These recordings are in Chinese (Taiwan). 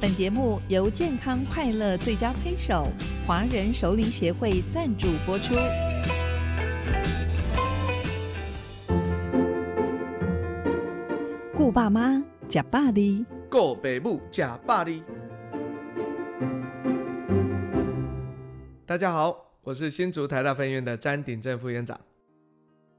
本節目由健康快樂最佳推手華人熟齡協會贊助播出。顧爸媽吃百里，顧北母吃百里。大家好，我是新竹台大分院的詹鼎正副院長。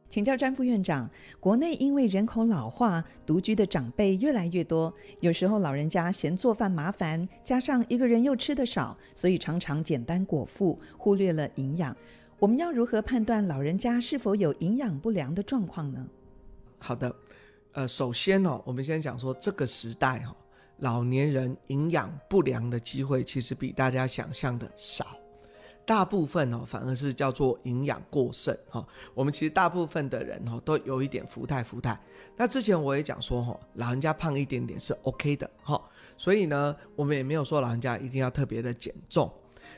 請教詹副院長，國內因為人口老化，獨居的長輩越來越多，有時候老人家嫌做飯麻煩，加上一個人又吃得少，所以常常簡單果腹，忽略了營養。我們要如何判斷老人家是否有營養不良的狀況呢？好的，呃，首先哦，我們先講說這個時代哈、哦，老年人營養不良的機會其實比大家想象的少。大部分哦，反而是叫做營養過剩哈、哦。我們其實大部分的人哦，都有一點福態福態。那之前我也講說哈、哦，老人家胖一點點是 OK 的哈、哦。所以呢，我們也沒有說老人家一定要特別的減重。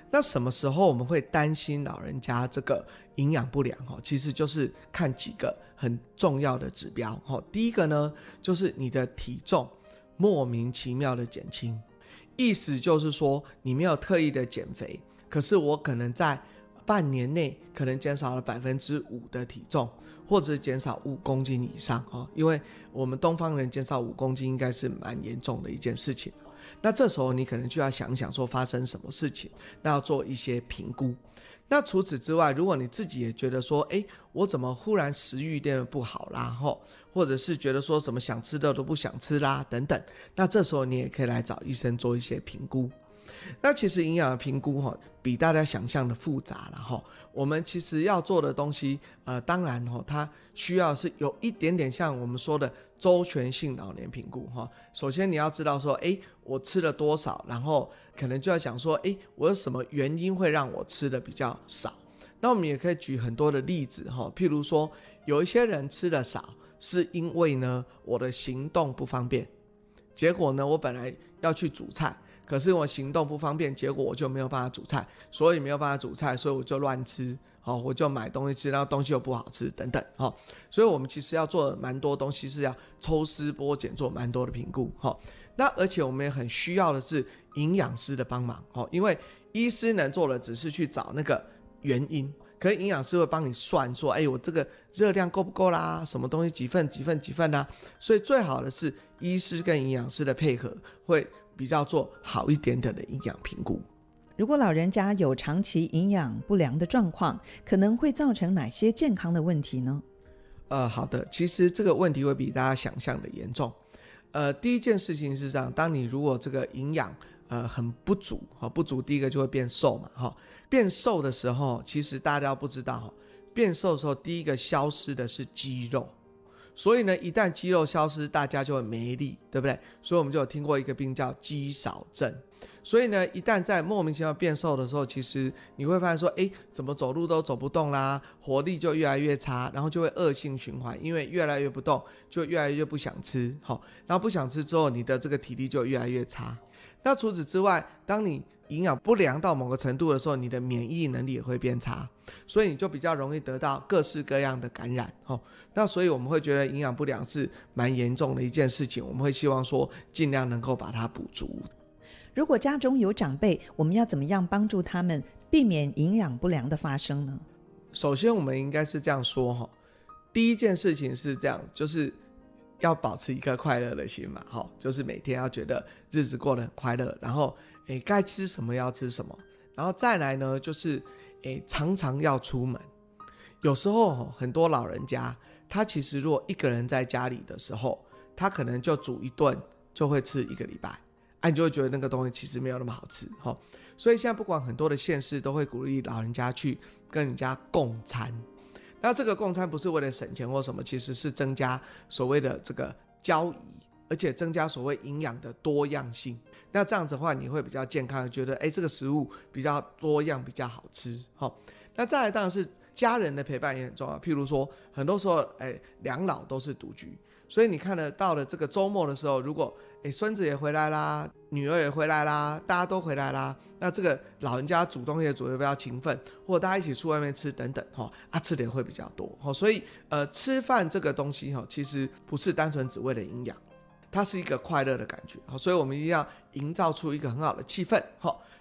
那什麼時候我們會擔心老人家這個營養不良哈、哦？其實就是看幾個很重要的指標哈、哦。第一個呢，就是你的體重莫名其妙的減輕，意思就是說你沒有特意的減肥。可是我可能在半年內可能減少了百分之五的體重，或者減少五公斤以上哦，因為我們東方人減少五公斤應該是蠻嚴重的一件事情。那這時候你可能就要想想說發生什麼事情，那要做一些評估。那除此之外，如果你自己也覺得說，誒，我怎麼忽然食慾變得不好啦？吼，或者是覺得說什麼想吃的都不想吃啦等等，那這時候你也可以來找醫生做一些評估。那其實營養的評估哈，比大家想象的複雜了哈。我們其實要做的東西，呃，當然哈，它需要是有一點點像我們說的周全性老年評估哈。首先你要知道說，哎，我吃了多少，然後可能就要講說，哎，我有什麼原因會讓我吃的比較少？那我們也可以舉很多的例子哈，譬如說，有一些人吃的少是因為呢，我的行動不方便，結果呢，我本來要去煮菜。可是我行動不方便，結果我就沒有辦法煮菜，所以沒有辦法煮菜，所以我就亂吃好，我就買東西吃，然後東西又不好吃等等哦，所以我們其實要做蠻多東西，是要抽絲剝繭做蠻多的評估哈。那而且我們也很需要的是營養師的幫忙哦，因為醫師能做的只是去找那個原因，可是營養師會幫你算說，哎，我這個熱量夠不夠啦？什麼東西幾份幾份幾份啦，啊，所以最好的是醫師跟營養師的配合會。比較做好一點點的營養評估。如果老人家有長期營養不良的狀況，可能會造成哪些健康的問題呢？呃，好的，其實這個問題會比大家想象的嚴重。呃，第一件事情是這樣，當你如果這個營養呃很不足哈，不足第一個就會變瘦嘛哈。變瘦的時候，其實大家不知道哈，變瘦的時候第一個消失的是肌肉。所以呢，一旦肌肉消失，大家就會沒力，對不對？所以我們就有聽過一個病叫肌少症。所以呢，一旦在莫名其妙變瘦的時候，其實你會發現說，哎，怎麼走路都走不動啦，啊，活力就越來越差，然後就會惡性循環，因為越來越不動，就越來越不想吃，好，然後不想吃之後，你的這個體力就越來越差。那除此之外，當你營養不良到某個程度的時候，你的免疫能力也會變差，所以你就比較容易得到各式各樣的感染哦。那所以我們會覺得營養不良是蠻嚴重的一件事情，我們會希望說盡量能夠把它補足。如果家中有長輩，我們要怎麼樣幫助他們避免營養不良的發生呢？首先，我們應該是這樣說哈。第一件事情是這樣，就是。要保持一顆快樂的心嘛，哈，就是每天要覺得日子過得很快樂，然後，欸，該吃什麼要吃什麼，然後再來呢，就是，欸，常常要出門。有時候，很多老人家，他其實如果一個人在家裡的時候，他可能就煮一頓就會吃一個禮拜，啊你就會覺得那個東西其實沒有那麼好吃，哈。所以現在不管很多的縣市都會鼓勵老人家去跟人家共餐。那這個共餐不是為了省錢或什麼，其實是增加所謂的這個交易，而且增加所謂營養的多樣性。那這樣子的話，你會比較健康，覺得哎，這個食物比較多樣，比較好吃。好，那再來當然是。家人的陪伴也很重要，譬如說，很多時候，哎，兩老都是獨居，所以你看呢，到了這個周末的時候，如果，哎，孫子也回來啦，女兒也回來啦，大家都回來啦，那這個老人家煮東西也煮得比較勤奮，或者大家一起出外面吃等等，哈，啊，吃的也會比較多，哈，所以，呃，吃飯這個東西，哈，其實不是單純只為了營養。它是一個快樂的感覺，所以我們一定要營造出一個很好的氣氛，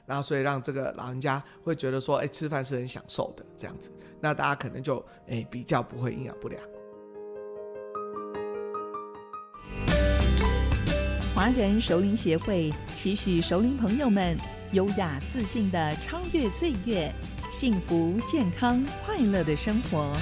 然後所以讓這個老人家會覺得說，哎，吃飯是很享受的這樣子，那大家可能就比較不會營養不良。華人熟齡協會期許熟齡朋友們優雅自信的超越歲月，幸福健康快樂的生活。